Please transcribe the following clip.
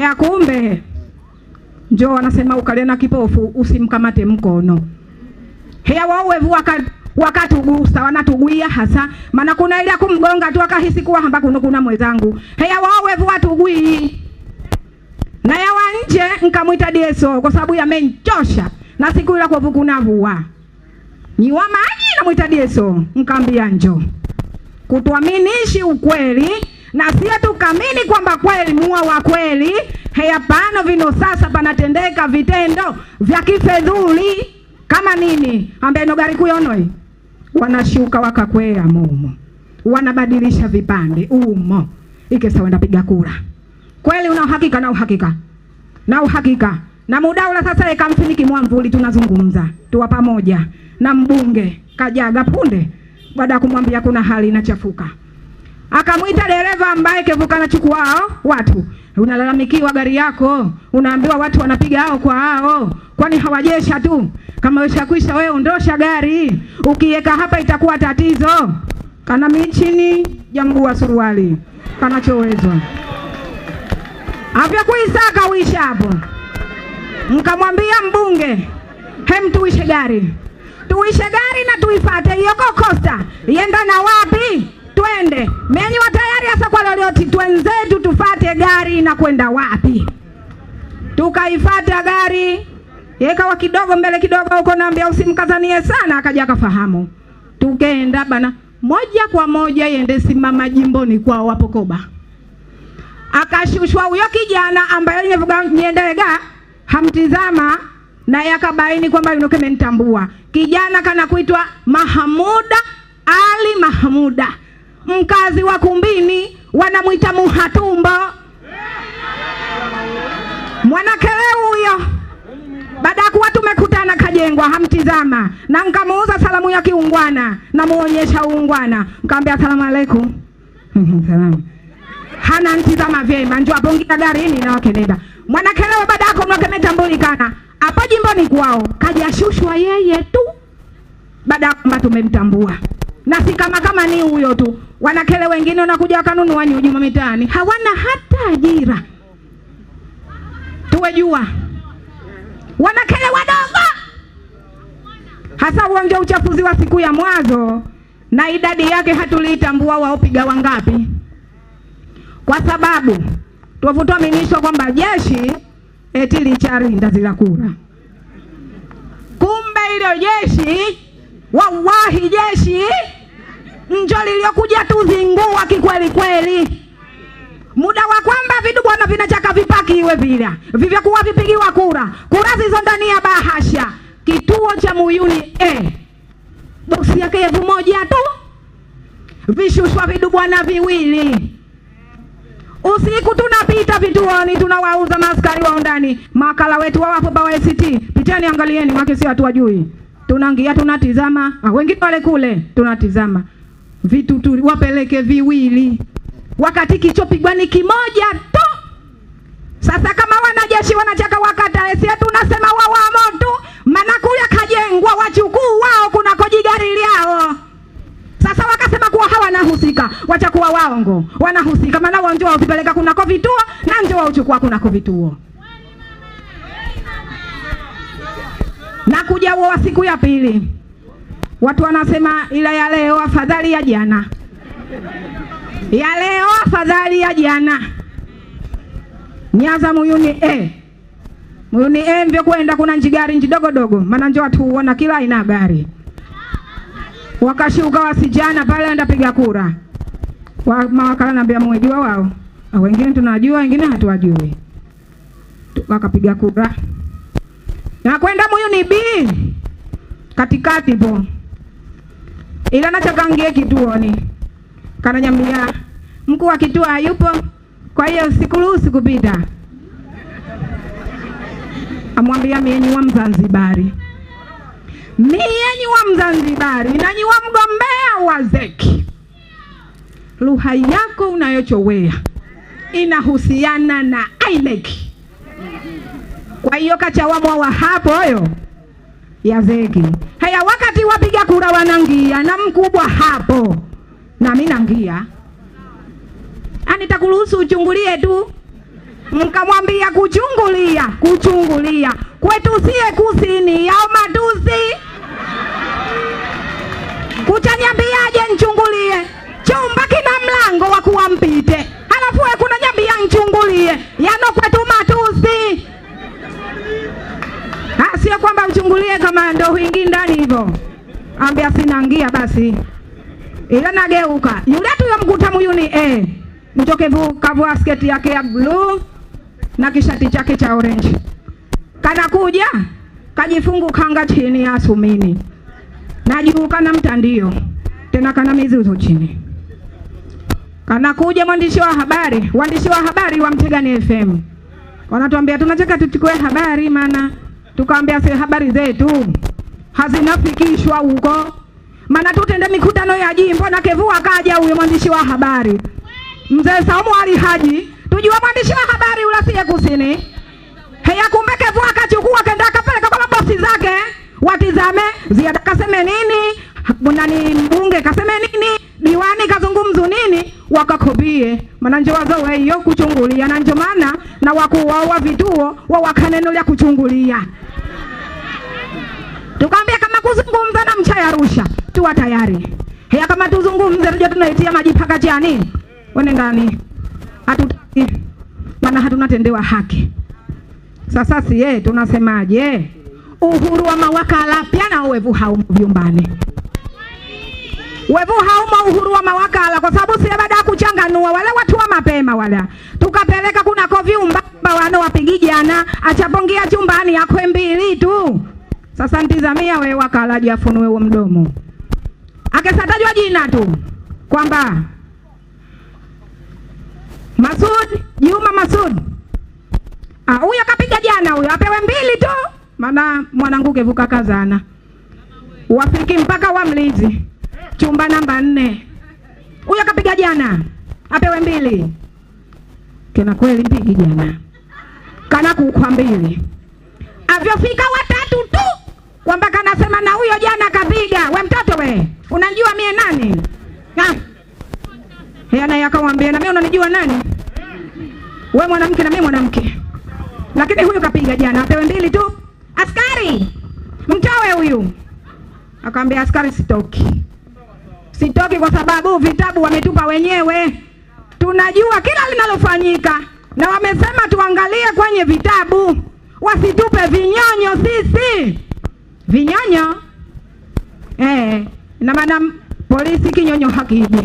ya kumbe njo wanasema na kipofu usimkamate mkono. Hea, wauwevu wakatugusa wanatugwia hasa, maana kuna ile kumgonga tu akahisi kuwa hamba kuno kuna mwenzangu. Hea, wauwevu watugwii na ya wanje nkamwita DSO kwa sababu yamenchosha, na siku ile kwa kuna vua ni wa maji, namwita DSO nkaambia njo kutuaminishi ukweli na sio tukamini kwamba kweli muwa wa kweli heyapano vino. Sasa panatendeka vitendo vya kifedhuli kama nini, ambaye gari kuyonoe wanashuka wakakwea mumo, wanabadilisha vipande umo ikesa wanapiga kura kweli. Una uhakika na uhakika na uhakika na mudaula sasa ikamfiniki mwamvuli, tunazungumza tuwa pamoja na mbunge Kajaga punde baada ya kumwambia kuna hali inachafuka akamwita dereva ambaye kevuka anachukua hao watu. Unalalamikiwa gari yako, unaambiwa watu wanapiga hao kwa hao, kwani hawajesha tu. Kama ushakwisha wewe, ondosha gari, ukiweka hapa itakuwa tatizo. Kana michini wa suruali, kanachowezwa avyakuisaka uisha hapo. Mkamwambia mbunge, hem, tuishe gari, tuishe gari na tuifate hiyo kokosta, ienda na wapi? twende. Menyi wa tayari hasa kwa lolote, twenzetu tufate gari na kwenda wapi. Tukaifata gari yekawa kidogo mbele kidogo huko, naambia usimkazanie sana, akaja akafahamu. Tukaenda bana moja kwa moja yende simama jimboni kwa Wapokoba. Akashushwa huyo kijana ambaye nyevuganyendeega hamtizama na yakabaini kwamba yuko nitambua kijana kana kuitwa Mahamuda Ali Mahamuda mkazi wa Kumbini wanamwita Muhatumbo, mwanakeleu huyo. Baada ya kuwa tumekutana Kajengwa, hamtizama na nkamuuza salamu ya kiungwana, namuonyesha uungwana, mkaambia salamu aleikum salamu hana ntizama vyema, njoo apongia gari ini na wakenenda mwanakeleo badako mwakemetambulikana hapo jimboni kwao, kajashushwa yeye tu baada ya kwamba tumemtambua, na si kama kama ni huyo tu Wanakele wengine wanakuja wakanunua nyujuma mitaani, hawana hata ajira. Tuwejua wanakele wadogo, hasa uwanja uchafuzi wa siku ya mwazo, na idadi yake hatuliitambua waopiga wangapi, kwa sababu tuwavutoa minisho kwamba jeshi eti licharinda zila kura. Kumbe hilo jeshi, wallahi jeshi njo liliokuja tuzingua kikweli kweli, muda wa kwamba vitu bwana vinachaka vipakiwe vila vivyokuwa vipigiwa kura, kura zizo ndani ya bahasha kituo cha Muyuni eh, boksi yake elfu moja tu vishushwa vitu bwana viwili. Usiku tunapita vituoni, tunawauza maskari wa ndani makala wetu wawapo bawa ACT. Piteni angalieni, mwake si watu wajui, tunaingia tunatizama, ah, wengine wale kule tunatizama vitu tu wapeleke viwili, wakati kichopigwa ni kimoja tu. Sasa kama wanajeshi wanataka wakatae, si tunasema wawamo tu, maana kule kajengwa wachukuu wao kunakoji gari lao. Sasa wakasema kuwa hawanahusika, wachakuwa waongo, wanahusika maana wao ndio waupeleka kunako vituo na ndio wauchukua kunako vituo na kuja wao siku ya pili Watu wanasema ila ya leo afadhali ya jana, ya leo afadhali ya jana. Nyaza muyuni e Muyuni e mbio kwenda kuna njigari njidogodogo, maana njo watu wana kila aina gari. Wakashuka wasijana pale enda piga kura wa, mawakala naambia mwejua wao wengine tunajua wengine hatuwajui. Wakapiga kura na kwenda Muyuni B katikati po ila chakaingie kituoni, kananyambia mkuu wa kituo hayupo, kwa hiyo sikuruhusu kupita. Amwambia mie ni wa Mzanzibari, mie ni wa Mzanzibari na ni wa mgombea wa zeki. Lugha yako unayochowea inahusiana na INEC, kwa hiyo kachawamwa wa hapo hoyo ya zeki wapiga kura wanangia na mkubwa hapo, na mimi nangia, anitakuruhusu ah, uchungulie tu mkamwambia kuchungulia kuchungulia kwetu sie kusini ya matusi kuchanyambiaje nchungulie chumba kina mlango wa kuwampite alafu we kuna nyambia nchungulie yano kwetu matusi ah, sio kwamba uchungulie kama ndo wingi ndani hivyo ambia sina basi ila nageuka yule tuyo mkuta muyuni eh, mchokevu kavua sketi yake ya bluu na kishati chake cha orange, kanakuja kajifungu kanga chini ya sumini najiuka na mtandio tena kana mizuzu chini. Kanakuja mwandishi wa habari, waandishi wa habari wa Mtegani FM wanatuambia tunataka tuchukue habari, maana tukaambia si habari zetu hazinafikishwa huko, maana tutende mikutano ya jimbo na kevua kaja huyo mwandishi wa habari mzee Saumu Ali Haji, tujua mwandishi wa habari ulasie kusini heya, kumbe kevua akachukua kenda akapeleka kwa mabosi zake watizame, ziada kaseme nini, nani mbunge kaseme nini, diwani kazungumzu nini, wakakobie maana nje wazowe hiyo kuchungulia, na njo maana na wakuu wao wa vituo wawakaneno lya kuchungulia Tukamwambia kama kuzungumza na mcha Arusha, tuwa tayari. Hea kama tuzungumze tunajua tunaitia maji paka jani. Wene ndani. Hatutaki. Maana hatunatendewa haki. Sasa si yeye tunasemaje? Uhuru wa mawakala pia na uwevu haumo vyumbani. uwevu hauma uhuru wa mawakala kwa sababu si baada ya kuchanganua wale watu wa mapema wala. Tukapeleka kuna kovi umba kovyumba wanawapigi jana achapongia chumbani yakwe mbili tu. Sasa ntizamia we wakalaji afunue huo mdomo, akesatajwa jina tu kwamba Masud Juma Masud ah, huyo kapiga jana, huyo apewe mbili tu, maana mwanangu kevuka kazana, wafiki mpaka wa mlizi chumba namba nne. Huyo kapiga jana, apewe mbili kena Kweli mpigi jana kana kukwa mbili, avyofika watatu tu kwamba kanasema na huyo jana kapiga. We mtoto we, unajua mie nani? Naye akamwambia na mimi unanijua nani? We mwanamke na mimi mwanamke, lakini huyu kapiga jana, apewe mbili tu. Askari mtowe huyu. Akamwambia askari, sitoki, sitoki kwa sababu vitabu wametupa wenyewe, tunajua kila linalofanyika na wamesema tuangalie kwenye vitabu, wasitupe vinyonyo sisi vinyonyo eh, na maana polisi kinyonyo hakije.